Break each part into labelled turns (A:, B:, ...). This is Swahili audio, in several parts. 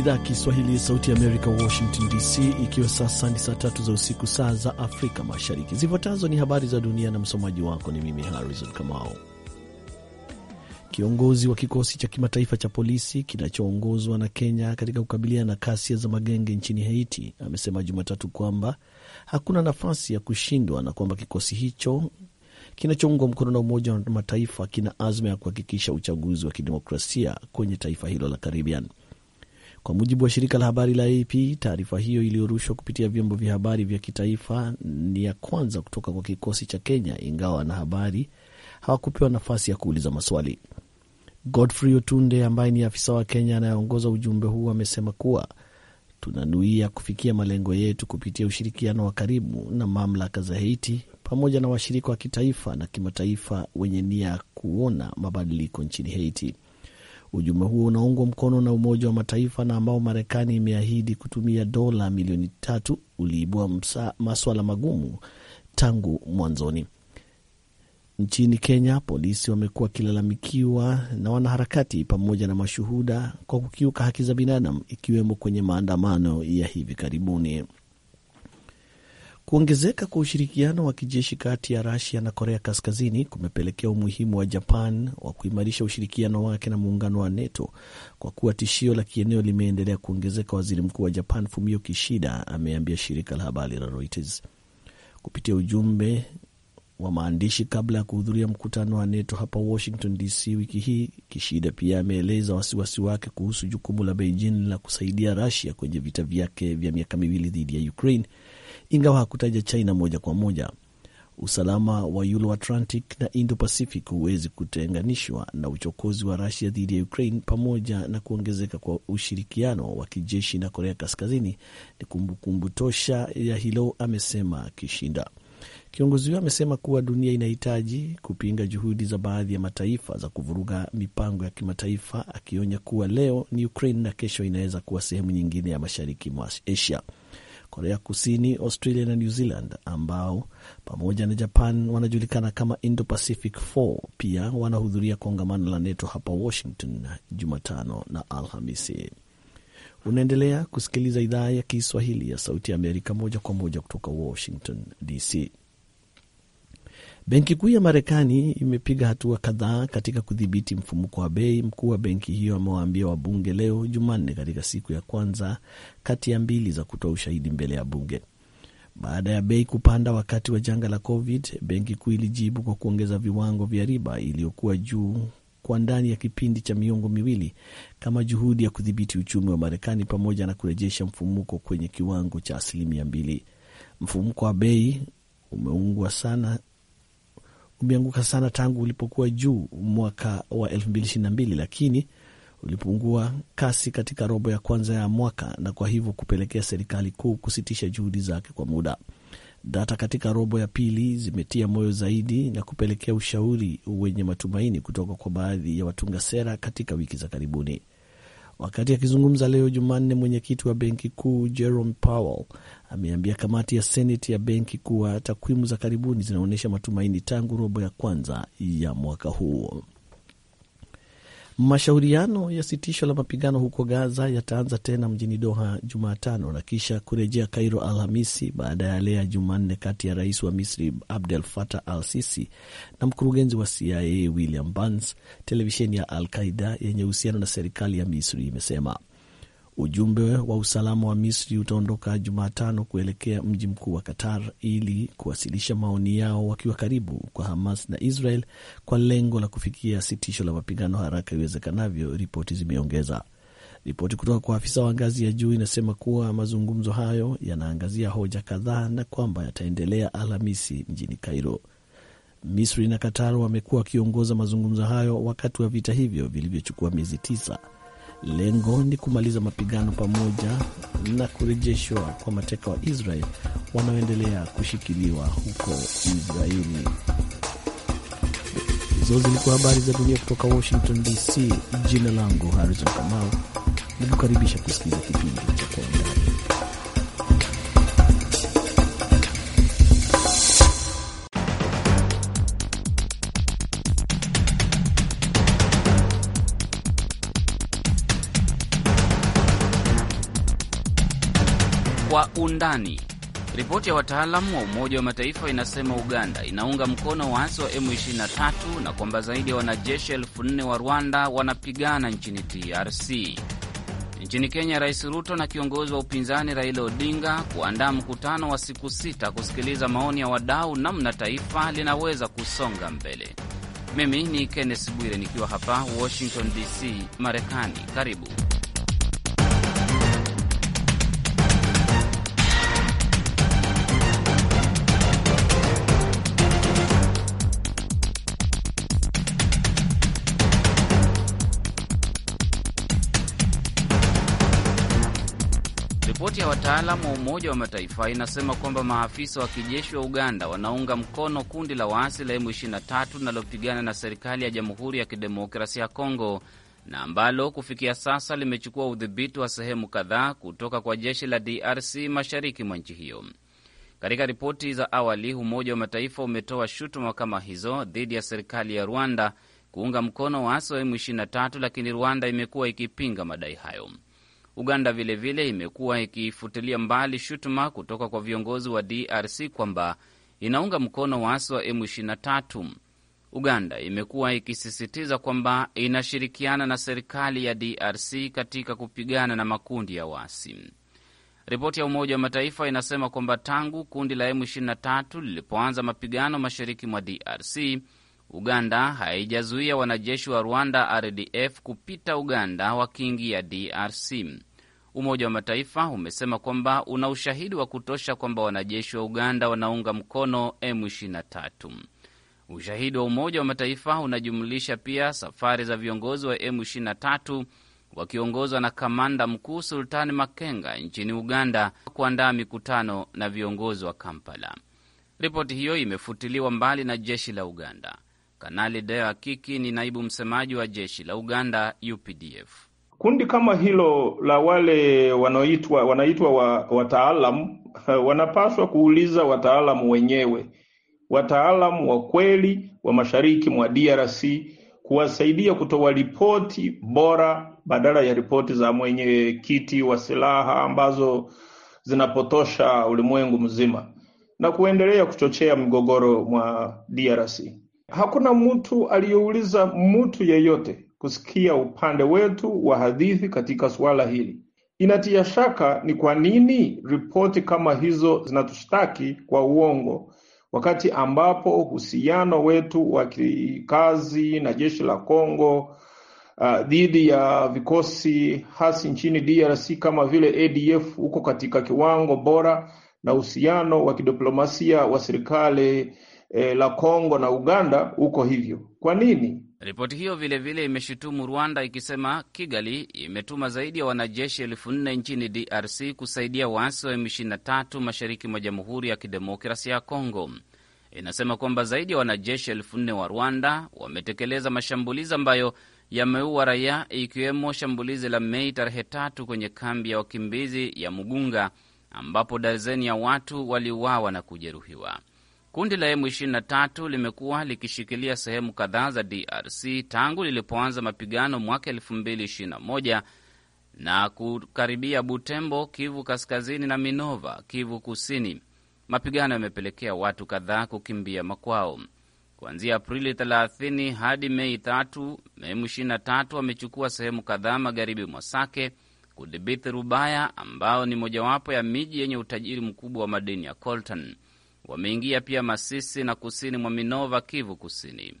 A: idhaa ya Kiswahili ya Sauti ya Amerika, Washington DC, ikiwa sasa ni saa tatu za usiku, saa za Afrika Mashariki. Zifuatazo ni habari za dunia na msomaji wako ni mimi Harrison Kamao. Kiongozi wa kikosi cha kimataifa cha polisi kinachoongozwa na Kenya katika kukabiliana na kasia za magenge nchini Haiti amesema Jumatatu kwamba hakuna nafasi ya kushindwa na kwamba kikosi hicho kinachoungwa mkono na Umoja wa Mataifa kina azma ya kuhakikisha uchaguzi wa kidemokrasia kwenye taifa hilo la Caribbean. Kwa mujibu wa shirika la habari la AP, taarifa hiyo iliyorushwa kupitia vyombo vya habari vya kitaifa ni ya kwanza kutoka kwa kikosi cha Kenya, ingawa wanahabari hawakupewa nafasi ya kuuliza maswali. Godfrey Otunde ambaye ni afisa wa Kenya anayeongoza ujumbe huu amesema kuwa tunanuia kufikia malengo yetu kupitia ushirikiano wa karibu na mamlaka za Haiti pamoja na washirika wa kitaifa na kimataifa wenye nia kuona mabadiliko nchini Haiti. Ujumbe huo unaungwa mkono na Umoja wa Mataifa na ambao Marekani imeahidi kutumia dola milioni tatu uliibua maswala magumu tangu mwanzoni. Nchini Kenya, polisi wamekuwa wakilalamikiwa na wanaharakati pamoja na mashuhuda kwa kukiuka haki za binadamu, ikiwemo kwenye maandamano ya hivi karibuni. Kuongezeka kwa ushirikiano wa kijeshi kati ya Rusia na Korea Kaskazini kumepelekea umuhimu wa Japan wa kuimarisha ushirikiano wake na muungano wa NATO kwa kuwa tishio la kieneo limeendelea kuongezeka, waziri mkuu wa Japan Fumio Kishida ameambia shirika la habari la Reuters kupitia ujumbe wa maandishi kabla ya kuhudhuria mkutano wa NATO hapa Washington DC wiki hii. Kishida pia ameeleza wasiwasi wake kuhusu jukumu la Beijing la kusaidia Rusia kwenye vita vyake vya miaka miwili dhidi ya Ukraine ingawa hakutaja China moja kwa moja. Usalama wa Euro Atlantic na Indo Pacific huwezi kutenganishwa na uchokozi wa Rusia dhidi ya Ukraine, pamoja na kuongezeka kwa ushirikiano wa kijeshi na Korea Kaskazini ni kumbukumbu tosha ya hilo, amesema kishinda Kiongozi huyo amesema kuwa dunia inahitaji kupinga juhudi za baadhi ya mataifa za kuvuruga mipango ya kimataifa, akionya kuwa leo ni Ukraine na kesho inaweza kuwa sehemu nyingine ya mashariki mwa Asia. Korea Kusini, Australia na New Zealand ambao pamoja na Japan wanajulikana kama Indo-Pacific 4 pia wanahudhuria kongamano la NATO hapa Washington Jumatano na Alhamisi. Unaendelea kusikiliza idhaa ya Kiswahili ya Sauti ya Amerika moja kwa moja kutoka Washington DC. Benki Kuu ya Marekani imepiga hatua kadhaa katika kudhibiti mfumuko wa bei. Mkuu wa benki hiyo amewaambia wabunge leo Jumanne, katika siku ya kwanza kati ya mbili za kutoa ushahidi mbele ya bunge. Baada ya bei kupanda wakati wa janga la COVID, benki kuu ilijibu kwa kuongeza viwango vya riba iliyokuwa juu kwa ndani ya kipindi cha miongo miwili kama juhudi ya kudhibiti uchumi wa Marekani pamoja na kurejesha mfumuko kwenye kiwango cha asilimia mbili. Mfumuko wa bei umeungwa sana umeanguka sana tangu ulipokuwa juu mwaka wa 2022 lakini ulipungua kasi katika robo ya kwanza ya mwaka na kwa hivyo kupelekea serikali kuu kusitisha juhudi zake kwa muda. Data katika robo ya pili zimetia moyo zaidi na kupelekea ushauri wenye matumaini kutoka kwa baadhi ya watunga sera katika wiki za karibuni. Wakati akizungumza leo Jumanne, mwenyekiti wa benki kuu Jerome Powell ameambia kamati ya seneti ya benki kuwa takwimu za karibuni zinaonyesha matumaini tangu robo ya kwanza ya mwaka huo Mashauriano ya sitisho la mapigano huko Gaza yataanza tena mjini Doha Jumatano na kisha kurejea Kairo Alhamisi baada ya lea Jumanne kati ya rais wa Misri Abdel Fattah al Sisi na mkurugenzi wa CIA William Burns. Televisheni ya Al Qaida yenye uhusiano na serikali ya Misri imesema Ujumbe wa usalama wa Misri utaondoka Jumatano kuelekea mji mkuu wa Qatar ili kuwasilisha maoni yao wakiwa karibu kwa Hamas na Israel kwa lengo la kufikia sitisho la mapigano haraka iwezekanavyo, ripoti zimeongeza. Ripoti kutoka kwa afisa wa ngazi ya juu inasema kuwa mazungumzo hayo yanaangazia hoja kadhaa na kwamba yataendelea Alhamisi mjini Cairo. Misri na Qatar wamekuwa wakiongoza mazungumzo hayo wakati wa vita hivyo vilivyochukua miezi tisa Lengo ni kumaliza mapigano pamoja na kurejeshwa kwa mateka wa Israel wanaoendelea kushikiliwa huko Israeli. Hizo zilikuwa habari za dunia kutoka Washington DC. Jina langu Harrison Kamau, nikukaribisha kusikiliza kipindi cha Kwa Undani.
B: undani. Ripoti ya wataalamu wa Umoja wa Mataifa inasema Uganda inaunga mkono waasi wa M23 na kwamba zaidi ya wanajeshi elfu nne wa Rwanda wanapigana nchini DRC. Nchini Kenya, Rais Ruto na kiongozi wa upinzani Raila Odinga kuandaa mkutano wa siku sita kusikiliza maoni ya wadau namna taifa linaweza kusonga mbele. Mimi ni Kenneth Bwire nikiwa hapa Washington DC, Marekani. Karibu. Ripoti ya wataalamu wa Umoja wa Mataifa inasema kwamba maafisa wa kijeshi wa Uganda wanaunga mkono kundi la waasi la M23 linalopigana na serikali ya Jamhuri ya Kidemokrasia ya Kongo na ambalo kufikia sasa limechukua udhibiti wa sehemu kadhaa kutoka kwa jeshi la DRC mashariki mwa nchi hiyo. Katika ripoti za awali, Umoja wa Mataifa umetoa shutuma kama hizo dhidi ya serikali ya Rwanda kuunga mkono waasi wa M23, lakini Rwanda imekuwa ikipinga madai hayo. Uganda vilevile vile imekuwa ikifutilia mbali shutuma kutoka kwa viongozi wa DRC kwamba inaunga mkono waasi wa M23. Uganda imekuwa ikisisitiza kwamba inashirikiana na serikali ya DRC katika kupigana na makundi ya waasi. Ripoti ya Umoja wa Mataifa inasema kwamba tangu kundi la M23 lilipoanza mapigano mashariki mwa DRC, Uganda haijazuia wanajeshi wa Rwanda, RDF, kupita Uganda wakiingia DRC. Umoja wa Mataifa umesema kwamba una ushahidi wa kutosha kwamba wanajeshi wa Uganda wanaunga mkono M23. Ushahidi wa Umoja wa Mataifa unajumlisha pia safari za viongozi wa M23 wakiongozwa na kamanda mkuu Sultani Makenga nchini Uganda kuandaa mikutano na viongozi wa Kampala. Ripoti hiyo imefutiliwa mbali na jeshi la Uganda. Kanali Deo Akiki ni naibu msemaji wa jeshi la Uganda, UPDF
C: kundi kama hilo la wale wanaoitwa wanaitwa wa, wataalam wanapaswa kuuliza wataalamu wenyewe, wataalamu wa kweli wa mashariki mwa DRC kuwasaidia kutoa ripoti bora badala ya ripoti za mwenyekiti wa silaha ambazo zinapotosha ulimwengu mzima na kuendelea kuchochea mgogoro mwa DRC. Hakuna mtu aliyeuliza mtu yeyote kusikia upande wetu wa hadithi katika suala hili. Inatia shaka ni kwa nini ripoti kama hizo zinatushtaki kwa uongo, wakati ambapo uhusiano wetu wa kikazi na jeshi la Kongo uh, dhidi ya vikosi hasi nchini DRC kama vile ADF uko katika kiwango bora na uhusiano wa kidiplomasia wa serikali eh, la Kongo na Uganda uko hivyo. Kwa nini
B: Ripoti hiyo vilevile imeshutumu Rwanda ikisema Kigali imetuma zaidi ya wanajeshi elfu nne nchini DRC kusaidia waasi wa M23 mashariki mwa Jamhuri ya Kidemokrasia ya Kongo. Inasema kwamba zaidi ya wanajeshi elfu nne wa Rwanda wametekeleza mashambulizi ambayo yameua raia, ikiwemo shambulizi la Mei tarehe tatu kwenye kambi ya wakimbizi ya Mugunga ambapo darzeni ya watu waliuawa na kujeruhiwa. Kundi la M23 limekuwa likishikilia sehemu kadhaa za DRC tangu lilipoanza mapigano mwaka 2021 na kukaribia Butembo, Kivu Kaskazini na Minova, Kivu Kusini. Mapigano yamepelekea watu kadhaa kukimbia makwao. Kuanzia Aprili 30 hadi Mei 3, M23 wamechukua sehemu kadhaa magharibi mwa Sake, kudhibiti Rubaya ambao ni mojawapo ya miji yenye utajiri mkubwa wa madini ya coltan wameingia pia Masisi na kusini mwa Minova, Kivu Kusini.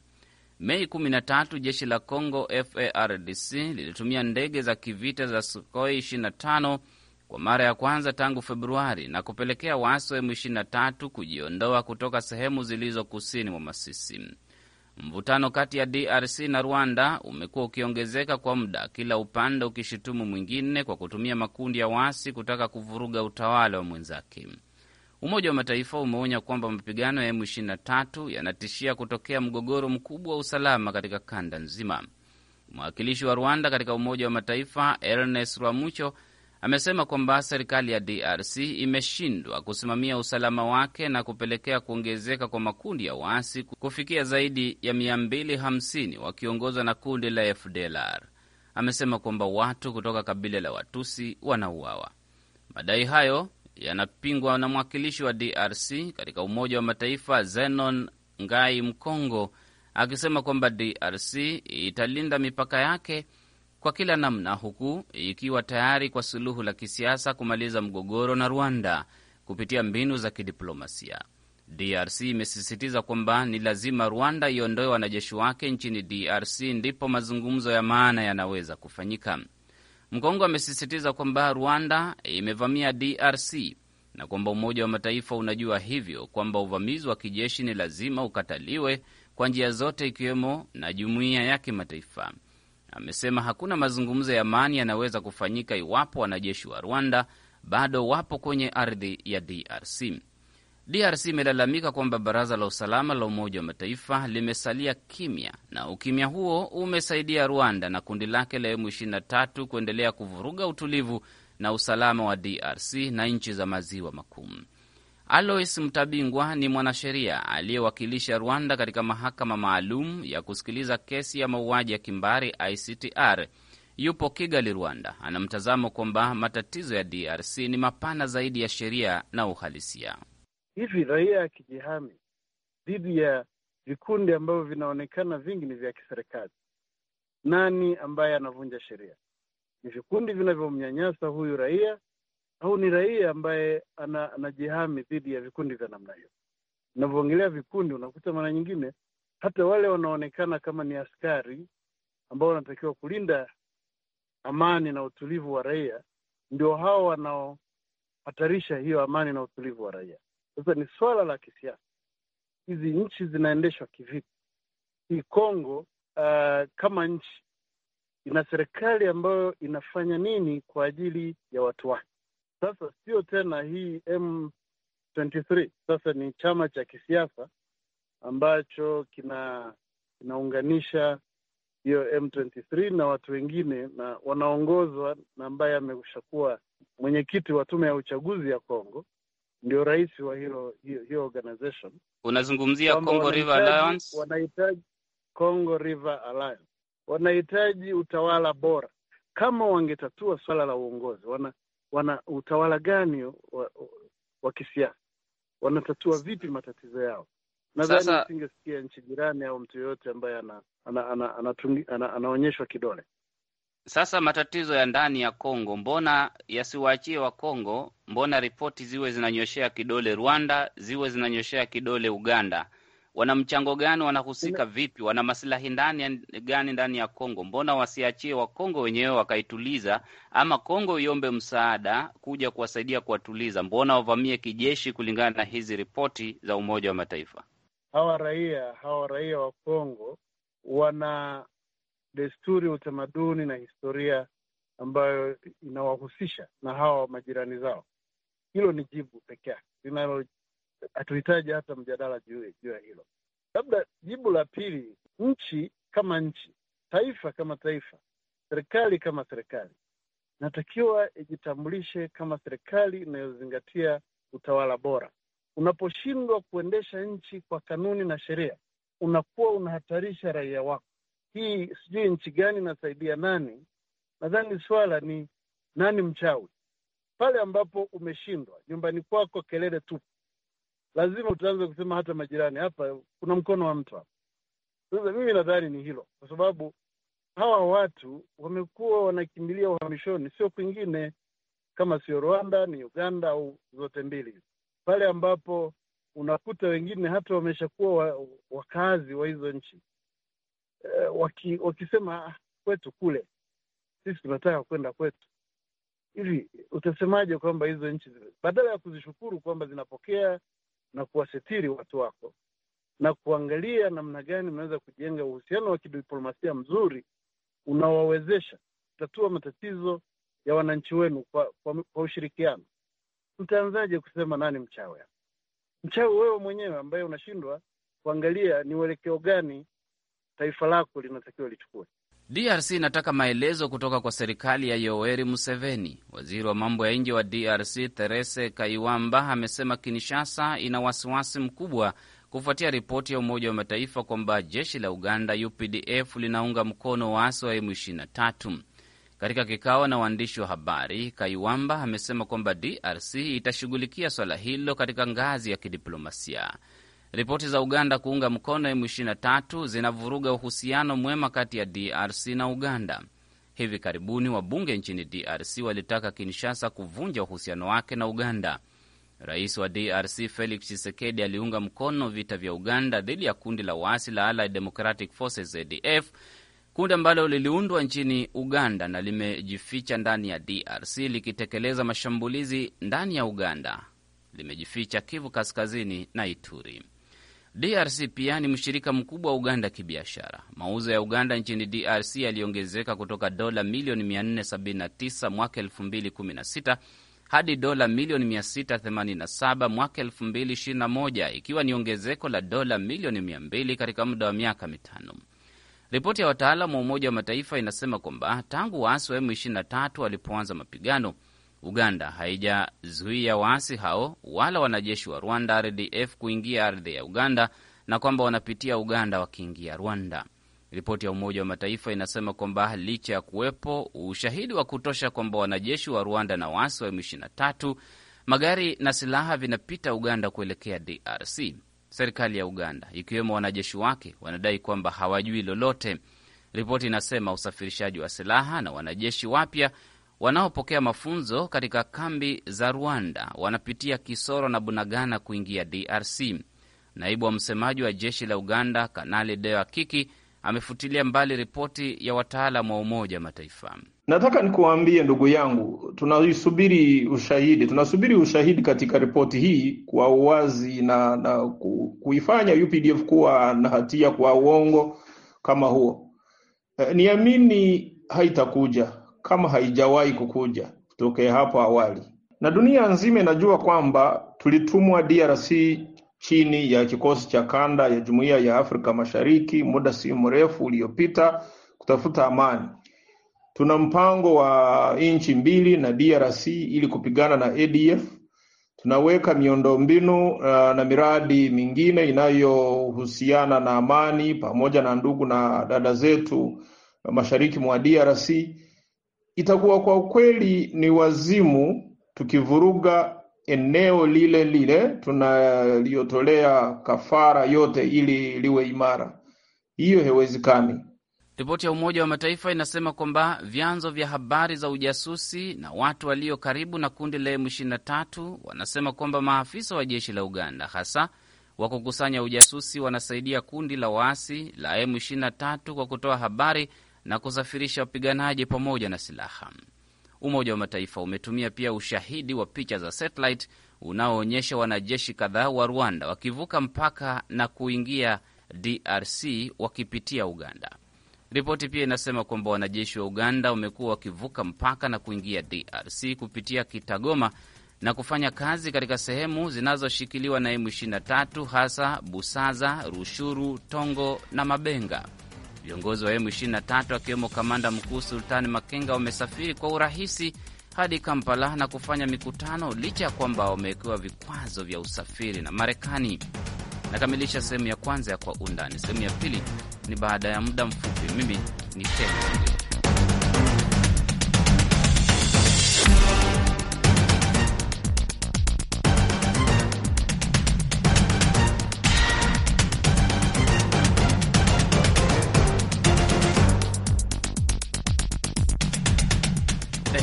B: Mei 13 jeshi la Congo FARDC lilitumia ndege za kivita za Sukhoi 25 kwa mara ya kwanza tangu Februari na kupelekea waasi wa M23 kujiondoa kutoka sehemu zilizo kusini mwa Masisi. Mvutano kati ya DRC na Rwanda umekuwa ukiongezeka kwa muda, kila upande ukishutumu mwingine kwa kutumia makundi ya waasi kutaka kuvuruga utawala wa mwenzake. Umoja wa Mataifa umeonya kwamba mapigano ya M23 yanatishia kutokea mgogoro mkubwa wa usalama katika kanda nzima. Mwakilishi wa Rwanda katika Umoja wa Mataifa Ernest Rwamucho amesema kwamba serikali ya DRC imeshindwa kusimamia usalama wake na kupelekea kuongezeka kwa makundi ya waasi kufikia zaidi ya 250 wakiongozwa na kundi la FDLR. Amesema kwamba watu kutoka kabila la Watusi wanauawa. Madai hayo yanapingwa na mwakilishi wa DRC katika Umoja wa Mataifa Zenon Ngai Mkongo akisema kwamba DRC italinda mipaka yake kwa kila namna, huku ikiwa tayari kwa suluhu la kisiasa kumaliza mgogoro na Rwanda kupitia mbinu za kidiplomasia. DRC imesisitiza kwamba ni lazima Rwanda iondoe wanajeshi wake nchini DRC ndipo mazungumzo ya maana yanaweza kufanyika. Mkongo amesisitiza kwamba Rwanda imevamia DRC na kwamba Umoja wa Mataifa unajua hivyo kwamba uvamizi wa kijeshi ni lazima ukataliwe kwa njia zote, ikiwemo na jumuiya ya kimataifa. Amesema hakuna mazungumzo ya amani yanaweza kufanyika iwapo wanajeshi wa Rwanda bado wapo kwenye ardhi ya DRC. DRC imelalamika kwamba baraza la usalama la Umoja wa Mataifa limesalia kimya na ukimya huo umesaidia Rwanda na kundi lake la M23 kuendelea kuvuruga utulivu na usalama wa DRC na nchi za maziwa makuu. Alois Mtabingwa ni mwanasheria aliyewakilisha Rwanda katika mahakama maalum ya kusikiliza kesi ya mauaji ya kimbari ICTR. Yupo Kigali, Rwanda. Ana mtazamo kwamba matatizo ya DRC ni mapana zaidi ya sheria na uhalisia
D: hivi raia akijihami dhidi ya vikundi ambavyo vinaonekana vingi ni vya kiserikali, nani ambaye anavunja sheria? Ni vikundi vinavyomnyanyasa huyu raia au ni raia ambaye anajihami dhidi ya vikundi vya namna hiyo? Unavyoongelea vikundi, unakuta mara nyingine hata wale wanaonekana kama ni askari ambao wanatakiwa kulinda amani na utulivu wa raia, ndio hao wanaohatarisha hiyo amani na utulivu wa raia. Sasa ni swala la kisiasa, hizi nchi zinaendeshwa kivipi? Hii Kongo uh, kama nchi ina serikali ambayo inafanya nini kwa ajili ya watu wake? Sasa sio tena hii M23, sasa ni chama cha kisiasa ambacho kina kinaunganisha hiyo M23 na watu wengine, na wanaongozwa na ambaye ameshakuwa mwenyekiti wa tume ya uchaguzi ya Kongo ndio rais wa hiyo hiyo organization.
B: Unazungumzia Congo River Alliance?
D: Wanahitaji Congo River Alliance, wanahitaji utawala bora. Kama wangetatua swala la uongozi, wana wana utawala gani wa, wa, wa kisiasa? Wanatatua vipi matatizo yao? Nadhani singesikia nchi jirani au mtu yoyote ambaye ana anaonyeshwa ana, ana, ana, ana, ana, ana kidole.
B: Sasa matatizo ya ndani ya Kongo mbona yasiwaachie Wakongo? Mbona ripoti ziwe zinanyoshea kidole Rwanda, ziwe zinanyoshea kidole Uganda? Wana mchango gani? Wanahusika vipi? Wana masilahi ndani gani ndani ya Kongo? Mbona wasiachie Wakongo wenyewe wakaituliza, ama Kongo iombe msaada kuja kuwasaidia kuwatuliza? Mbona wavamie kijeshi, kulingana na hizi ripoti za Umoja wa Mataifa?
D: Hawa raia hawa raia wa Kongo wana desturi, utamaduni na historia ambayo inawahusisha na hawa majirani zao. Hilo ni jibu peke yake linalo, hatuhitaji hata mjadala juu ya hilo. Labda jibu la pili, nchi kama nchi, taifa kama taifa, serikali kama serikali, natakiwa ijitambulishe kama serikali inayozingatia utawala bora. Unaposhindwa kuendesha nchi kwa kanuni na sheria, unakuwa unahatarisha raia wako hii sijui nchi gani inasaidia nani. Nadhani swala ni nani mchawi. Pale ambapo umeshindwa nyumbani kwako, kelele tu, lazima utaanza kusema hata majirani, hapa kuna mkono wa mtu hapa. Sasa mimi nadhani ni hilo, kwa sababu hawa watu wamekuwa wanakimbilia uhamishoni, sio kwingine, kama sio Rwanda ni Uganda au zote mbili pale ambapo unakuta wengine hata wameshakuwa wakazi wa hizo nchi Eh, waki, wakisema kwetu kule, sisi tunataka kwenda kwetu, hivi utasemaje kwamba hizo nchi badala ya kuzishukuru kwamba zinapokea na kuwasitiri watu wako na kuangalia namna gani mnaweza kujenga uhusiano wa kidiplomasia mzuri unaowawezesha kutatua matatizo ya wananchi wenu kwa, kwa, kwa ushirikiano, mtaanzaje kusema nani mchawe mchawe wewe mwenyewe ambaye unashindwa kuangalia ni uelekeo gani taifa lako linatakiwa lichukue.
B: DRC inataka maelezo kutoka kwa serikali ya Yoweri Museveni. Waziri wa mambo ya nje wa DRC Therese Kaiwamba amesema Kinshasa ina wasiwasi mkubwa kufuatia ripoti ya Umoja wa Mataifa kwamba jeshi la Uganda UPDF linaunga mkono waasi wa M23. Katika kikao na waandishi wa habari, Kaiwamba amesema kwamba DRC itashughulikia swala hilo katika ngazi ya kidiplomasia. Ripoti za Uganda kuunga mkono M23 zinavuruga uhusiano mwema kati ya DRC na Uganda. Hivi karibuni wabunge nchini DRC walitaka Kinshasa kuvunja uhusiano wake na Uganda. Rais wa DRC Felix Tshisekedi aliunga mkono vita vya Uganda dhidi ya kundi la waasi la Allied Democratic Forces, ADF, kundi ambalo liliundwa nchini Uganda na limejificha ndani ya DRC likitekeleza mashambulizi ndani ya Uganda. Limejificha Kivu Kaskazini na Ituri. DRC pia ni mshirika mkubwa wa Uganda kibiashara. Mauzo ya Uganda nchini DRC yaliongezeka kutoka dola milioni 479 mwaka 2016 hadi dola milioni 687 mwaka 2021, ikiwa ni ongezeko la dola milioni 200 katika muda wa miaka mitano. Ripoti ya wataalam wa Umoja wa Mataifa inasema kwamba tangu waasi wa M23 walipoanza mapigano Uganda haijazuia waasi hao wala wanajeshi wa Rwanda RDF kuingia ardhi ya Uganda na kwamba wanapitia Uganda wakiingia Rwanda. Ripoti ya Umoja wa Mataifa inasema kwamba licha ya kuwepo ushahidi wa kutosha kwamba wanajeshi wa Rwanda na waasi wa M23, magari na silaha vinapita Uganda kuelekea DRC. Serikali ya Uganda ikiwemo wanajeshi wake wanadai kwamba hawajui lolote. Ripoti inasema usafirishaji wa silaha na wanajeshi wapya wanaopokea mafunzo katika kambi za Rwanda wanapitia Kisoro na Bunagana kuingia DRC. Naibu wa msemaji wa jeshi la Uganda, Kanali Deo Akiki, amefutilia mbali ripoti ya wataalam wa Umoja wa Mataifa.
C: Nataka nikuambie ndugu yangu, tunaisubiri ushahidi, tunasubiri ushahidi katika ripoti hii kwa uwazi na, na kuifanya UPDF kuwa na hatia kwa uongo kama huo. E, niamini haitakuja kama haijawahi kukuja kutokea hapo awali, na dunia nzima inajua kwamba tulitumwa DRC chini ya kikosi cha kanda ya Jumuiya ya Afrika Mashariki muda si mrefu uliopita kutafuta amani. Tuna mpango wa nchi mbili na DRC ili kupigana na ADF. Tunaweka miundombinu uh, na miradi mingine inayohusiana na amani pamoja na ndugu na dada zetu mashariki mwa DRC Itakuwa kwa kweli ni wazimu tukivuruga eneo lile lile tunaliotolea kafara yote ili liwe imara. Hiyo haiwezekani.
B: Ripoti ya Umoja wa Mataifa inasema kwamba vyanzo vya habari za ujasusi na watu walio karibu na kundi la M23 wanasema kwamba maafisa wa jeshi la Uganda hasa wa kukusanya ujasusi wanasaidia kundi la waasi la M23 kwa kutoa habari na kusafirisha wapiganaji pamoja na silaha. Umoja wa Mataifa umetumia pia ushahidi wa picha za satellite unaoonyesha wanajeshi kadhaa wa Rwanda wakivuka mpaka na kuingia DRC wakipitia Uganda. Ripoti pia inasema kwamba wanajeshi wa Uganda wamekuwa wakivuka mpaka na kuingia DRC kupitia Kitagoma na kufanya kazi katika sehemu zinazoshikiliwa na M23 hasa Busaza, Rushuru, Tongo na Mabenga. Viongozi wa M23 akiwemo kamanda mkuu Sultani Makenga wamesafiri kwa urahisi hadi Kampala na kufanya mikutano licha ya kwamba wamewekewa vikwazo vya usafiri na Marekani. Nakamilisha sehemu ya kwanza ya Kwa Undani. Sehemu ya pili ni baada ya muda mfupi. Mimi ni Tena.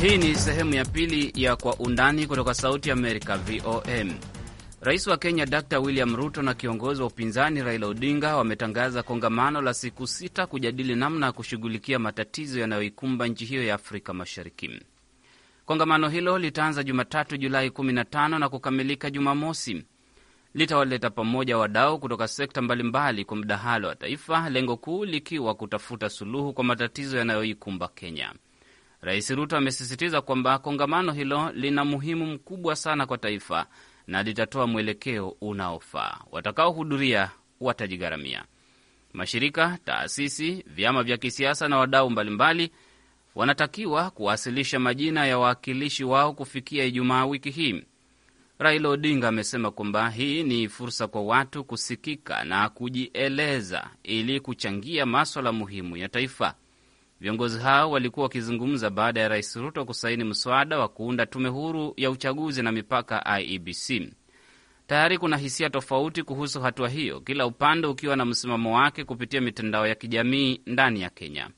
B: Hii ni sehemu ya pili ya Kwa Undani kutoka Sauti Amerika, VOM. Rais wa Kenya Dr William Ruto na kiongozi wa upinzani Raila Odinga wametangaza kongamano la siku sita kujadili namna ya kushughulikia matatizo yanayoikumba nchi hiyo ya Afrika Mashariki. Kongamano hilo litaanza Jumatatu Julai 15 na kukamilika Jumamosi. Litawaleta pamoja wadau kutoka sekta mbalimbali kwa mdahalo wa taifa, lengo kuu likiwa kutafuta suluhu kwa matatizo yanayoikumba Kenya. Rais Ruto amesisitiza kwamba kongamano hilo lina muhimu mkubwa sana kwa taifa na litatoa mwelekeo unaofaa. Watakaohudhuria watajigharamia. Mashirika, taasisi, vyama vya kisiasa na wadau mbalimbali wanatakiwa kuwasilisha majina ya wawakilishi wao kufikia Ijumaa wiki hii. Raila Odinga amesema kwamba hii ni fursa kwa watu kusikika na kujieleza ili kuchangia maswala muhimu ya taifa. Viongozi hao walikuwa wakizungumza baada ya Rais Ruto kusaini mswada wa kuunda tume huru ya uchaguzi na mipaka IEBC. Tayari kuna hisia tofauti kuhusu hatua hiyo, kila upande ukiwa na msimamo wake kupitia mitandao ya kijamii ndani ya Kenya.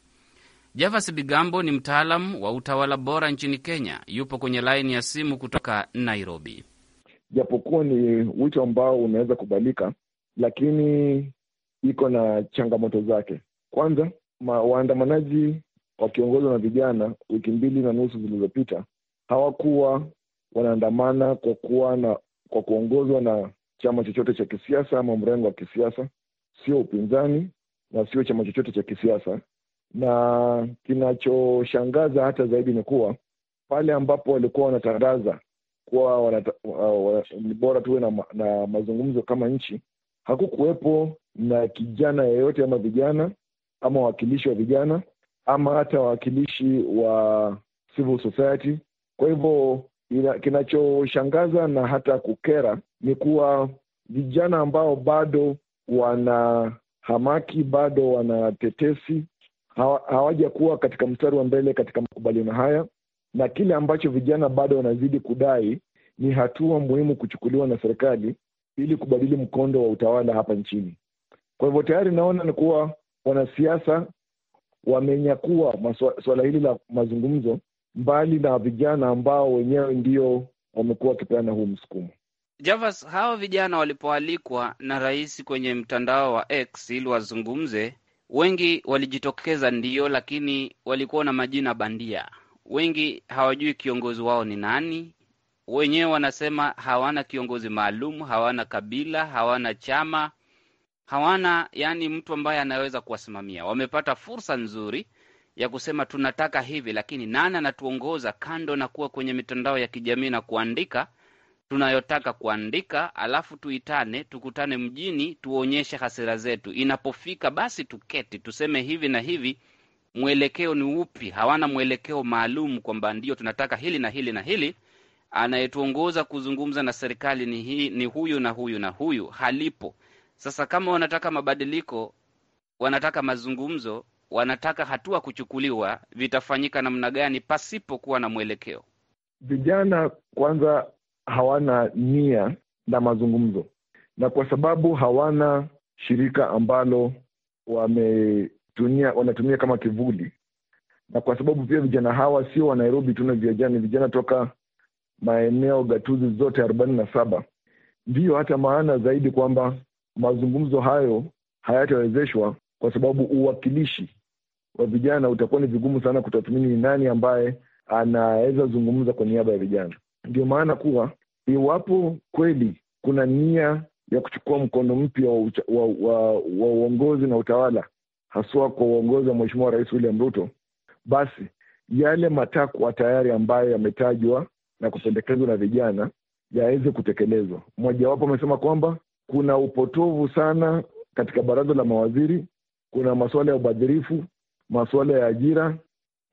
B: Javas Bigambo ni mtaalam wa utawala bora nchini Kenya, yupo kwenye laini ya simu kutoka Nairobi.
E: Japokuwa ni wito ambao unaweza kubalika, lakini iko na changamoto zake. Kwanza ma, waandamanaji wakiongozwa na vijana wiki mbili na nusu zilizopita hawakuwa wanaandamana kwa kuwa na kwa kuongozwa na chama chochote cha kisiasa ama mrengo wa kisiasa, sio upinzani na sio chama chochote cha kisiasa. Na kinachoshangaza hata zaidi ni kuwa pale ambapo walikuwa wanatangaza kuwa ni bora tuwe na, na mazungumzo kama nchi, hakukuwepo na kijana yeyote ama vijana ama wawakilishi wa vijana ama hata wawakilishi wa civil society. Kwa hivyo kinachoshangaza na hata kukera ni kuwa vijana ambao bado wana hamaki bado wana tetesi hawajakuwa katika mstari wa mbele katika makubaliano haya, na kile ambacho vijana bado wanazidi kudai ni hatua muhimu kuchukuliwa na serikali ili kubadili mkondo wa utawala hapa nchini. Kwa hivyo tayari naona ni kuwa wanasiasa wamenyakua suala hili la mazungumzo, mbali na vijana ambao wenyewe ndio wamekuwa wakipeana huu msukumo.
B: Javas, hawa vijana walipoalikwa na rais kwenye mtandao wa X ili wazungumze, wengi walijitokeza ndio lakini walikuwa na majina bandia. Wengi hawajui kiongozi wao ni nani. Wenyewe wanasema hawana kiongozi maalum, hawana kabila, hawana chama, hawana yani mtu ambaye anaweza kuwasimamia. Wamepata fursa nzuri ya kusema tunataka hivi, lakini nani anatuongoza? Kando na kuwa kwenye mitandao ya kijamii na kuandika tunayotaka kuandika, alafu tuitane, tukutane mjini, tuonyeshe hasira zetu. Inapofika basi tuketi, tuseme hivi na hivi, mwelekeo ni upi? Hawana mwelekeo maalum kwamba ndio tunataka hili na hili na hili. Anayetuongoza kuzungumza na serikali ni, hii, ni huyu na huyu na huyu, halipo. Sasa kama wanataka mabadiliko, wanataka mazungumzo, wanataka hatua kuchukuliwa, vitafanyika namna gani pasipo kuwa na mwelekeo?
E: Vijana kwanza hawana nia na mazungumzo, na kwa sababu hawana shirika ambalo wametumia wanatumia kama kivuli, na kwa sababu pia vijana hawa sio wa Nairobi tu, na vijana vijana toka maeneo gatuzi zote arobaini na saba ndiyo hata maana zaidi kwamba mazungumzo hayo hayatawezeshwa kwa sababu uwakilishi wa vijana utakuwa ni vigumu sana kutathmini ni nani ambaye anaweza zungumza kwa niaba ya vijana. Ndio maana kuwa iwapo kweli kuna nia ya kuchukua mkondo mpya wa, wa, wa, wa uongozi na utawala haswa kwa uongozi wa Mheshimiwa Rais William Ruto, basi yale matakwa tayari ambayo yametajwa na kupendekezwa na vijana yaweze kutekelezwa. Mmojawapo amesema kwamba kuna upotovu sana katika baraza la mawaziri. Kuna masuala ya ubadhirifu, masuala ya ajira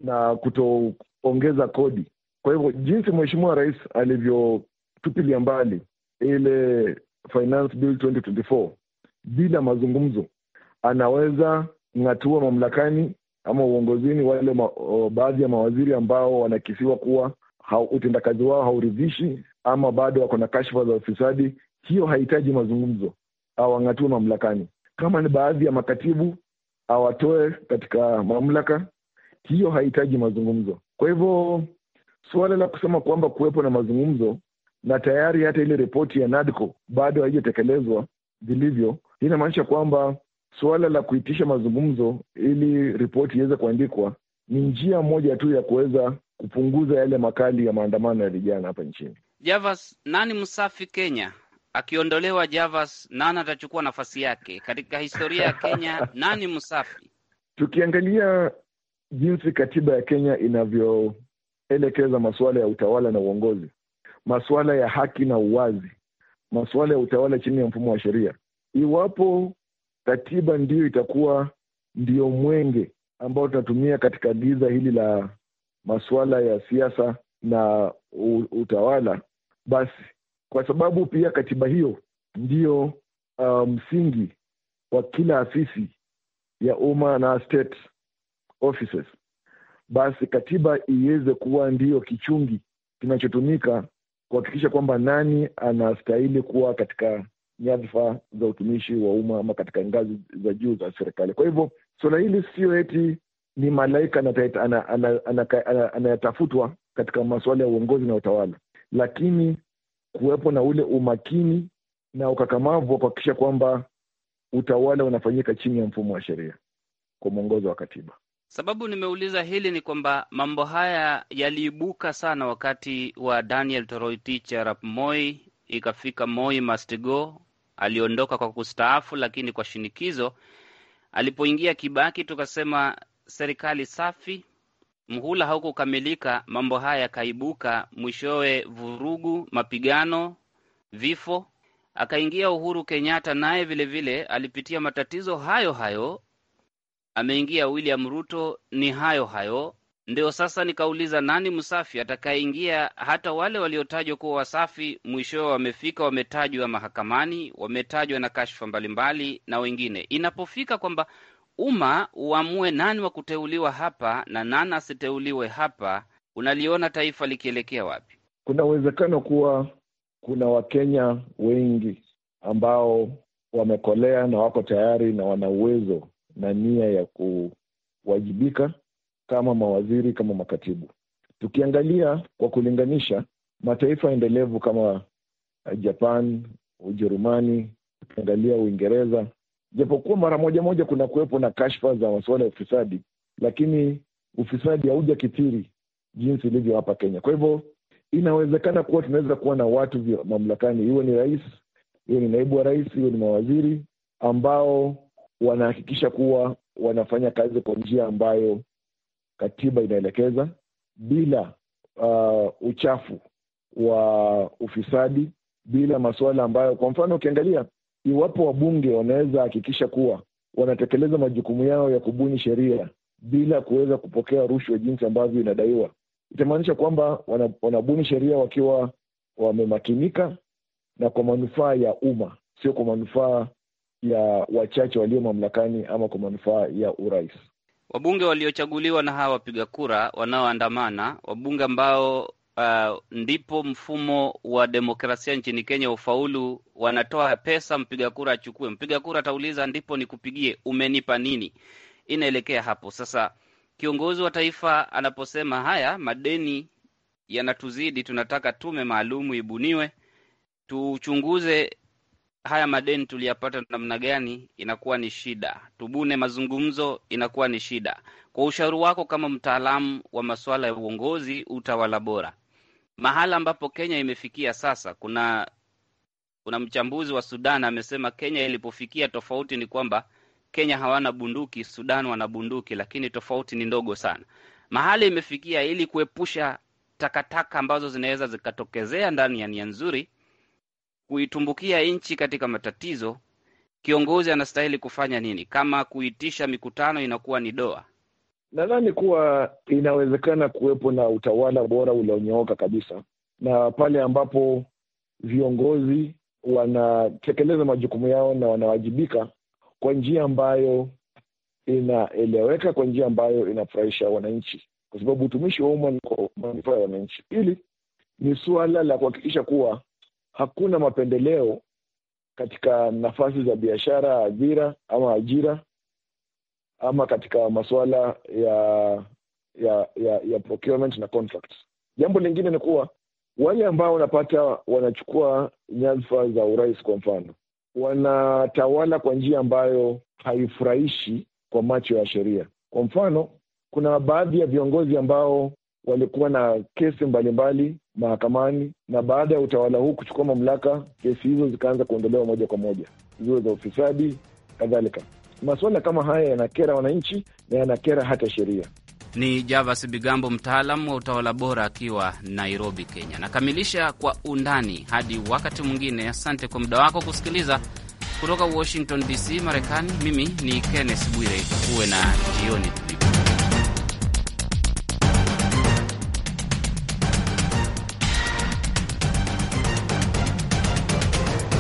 E: na kutoongeza kodi. Kwa hivyo jinsi Mheshimiwa Rais alivyotupilia mbali ile Finance Bill 2024 bila mazungumzo, anaweza ng'atua mamlakani ama uongozini wale ma, o, baadhi ya mawaziri ambao wanakisiwa kuwa utendakazi wao hauridhishi ama bado wako na kashfa za ufisadi hiyo hahitaji mazungumzo, awang'atue mamlakani. Kama ni baadhi ya makatibu awatoe katika mamlaka, hiyo hahitaji mazungumzo. Kwa hivyo suala la kusema kwamba kuwepo na mazungumzo na tayari hata ile ripoti ya NADCO bado haijatekelezwa vilivyo, hii inamaanisha kwamba suala la kuitisha mazungumzo ili ripoti iweze kuandikwa ni njia moja tu ya kuweza kupunguza yale makali ya maandamano ya vijana hapa nchini.
B: Javas, nani msafi Kenya? akiondolewa Javas, nani atachukua nafasi yake katika historia ya Kenya? Nani msafi?
E: Tukiangalia jinsi katiba ya Kenya inavyoelekeza masuala ya utawala na uongozi, masuala ya haki na uwazi, masuala ya utawala chini ya mfumo wa sheria, iwapo katiba ndiyo itakuwa ndiyo mwenge ambao tunatumia katika giza hili la masuala ya siasa na utawala, basi kwa sababu pia katiba hiyo ndiyo uh, msingi um, wa kila afisi ya umma na state offices, basi katiba iweze kuwa ndiyo kichungi kinachotumika kuhakikisha kwamba nani anastahili kuwa katika nyadhifa za utumishi wa umma ama katika ngazi za juu za serikali. Kwa hivyo suala hili sio eti ni malaika anayetafutwa ana, ana, ana, ana, ana, ana katika masuala ya uongozi na utawala, lakini kuwepo na ule umakini na ukakamavu wa kuhakikisha kwamba utawala unafanyika chini ya mfumo wa sheria kwa mwongozo wa katiba.
B: Sababu nimeuliza hili ni kwamba mambo haya yaliibuka sana wakati wa Daniel Toroitich arap Moi, ikafika Moi must go. Aliondoka kwa kustaafu, lakini kwa shinikizo. Alipoingia Kibaki, tukasema serikali safi mhula haukukamilika, mambo haya yakaibuka, mwishowe vurugu, mapigano, vifo. Akaingia Uhuru Kenyatta, naye vilevile alipitia matatizo hayo hayo. Ameingia William Ruto, ni hayo hayo. Ndio sasa nikauliza nani msafi atakayeingia? Hata wale waliotajwa kuwa wasafi mwishowe wamefika, wametajwa mahakamani, wametajwa na kashfa mbalimbali na wengine. Inapofika kwamba umma uamue nani wa kuteuliwa hapa na nani asiteuliwe hapa, unaliona taifa likielekea wapi?
E: Kuna uwezekano kuwa kuna Wakenya wengi ambao wamekolea na wako tayari na wana uwezo na nia ya kuwajibika kama mawaziri, kama makatibu. Tukiangalia kwa kulinganisha mataifa endelevu kama Japan, Ujerumani, tukiangalia Uingereza, japokuwa mara moja moja kuna kuwepo na kashfa za masuala ya ufisadi, lakini ufisadi hauja kitiri jinsi ilivyo hapa Kenya. Kwa hivyo inawezekana kuwa tunaweza kuwa na watu mamlakani, iwe ni rais, iwe ni naibu wa rais, iwe ni mawaziri ambao wanahakikisha kuwa wanafanya kazi kwa njia ambayo katiba inaelekeza bila uh, uchafu wa ufisadi, bila masuala ambayo, kwa mfano, ukiangalia iwapo wabunge wanaweza hakikisha kuwa wanatekeleza majukumu yao ya kubuni sheria bila kuweza kupokea rushwa jinsi ambavyo inadaiwa, itamaanisha kwamba wanabuni sheria wakiwa wamemakinika na kwa manufaa ya umma, sio kwa manufaa ya wachache walio mamlakani ama kwa manufaa ya urais.
B: Wabunge waliochaguliwa na hawa wapiga kura wanaoandamana, wabunge ambao uh, ndipo mfumo wa demokrasia nchini Kenya ufaulu. Wanatoa pesa, mpiga kura achukue. Mpiga kura atauliza, ndipo nikupigie, umenipa nini? Inaelekea hapo sasa. Kiongozi wa taifa anaposema haya madeni yanatuzidi, tunataka tume maalumu ibuniwe, tuchunguze haya madeni tuliyapata namna gani, inakuwa ni shida. Tubune mazungumzo, inakuwa ni shida. Kwa ushauri wako kama mtaalamu wa masuala ya uongozi, utawala bora, mahala ambapo Kenya imefikia sasa. Kuna kuna mchambuzi wa Sudan amesema Kenya ilipofikia tofauti ni kwamba Kenya hawana bunduki, Sudan wana bunduki, lakini tofauti ni ndogo sana. Mahala imefikia ili kuepusha takataka ambazo zinaweza zikatokezea ndani ya nia nzuri kuitumbukia nchi katika matatizo, kiongozi anastahili kufanya nini? Kama kuitisha mikutano inakuwa ni doa,
E: Nadhani kuwa inawezekana kuwepo na utawala bora ulionyooka kabisa, na pale ambapo viongozi wanatekeleza majukumu yao na wanawajibika kwa njia ambayo inaeleweka, kwa njia ambayo inafurahisha wananchi, kwa sababu utumishi wa umma ni kwa manufaa ya wananchi. Hili ni suala la kuhakikisha kuwa hakuna mapendeleo katika nafasi za biashara, ajira ama ajira ama katika masuala ya ya ya, ya procurement na contracts. Jambo lingine ni kuwa wale ambao wanapata wanachukua nyadhifa za urais kwa mfano, wanatawala kwa njia ambayo haifurahishi kwa macho ya sheria. Kwa mfano, kuna baadhi ya viongozi ambao walikuwa na kesi mbalimbali mahakamani, na baada ya utawala huu kuchukua mamlaka, kesi hizo zikaanza kuondolewa moja kwa moja, ziwe za ufisadi kadhalika masuala kama haya yanakera wananchi na yanakera hata sheria.
B: Ni Javas Bigambo, mtaalam wa utawala bora, akiwa Nairobi, Kenya. Nakamilisha kwa undani hadi wakati mwingine. Asante kwa muda wako kusikiliza. Kutoka Washington DC, Marekani, mimi ni Kenneth Bwire. Uwe na jioni.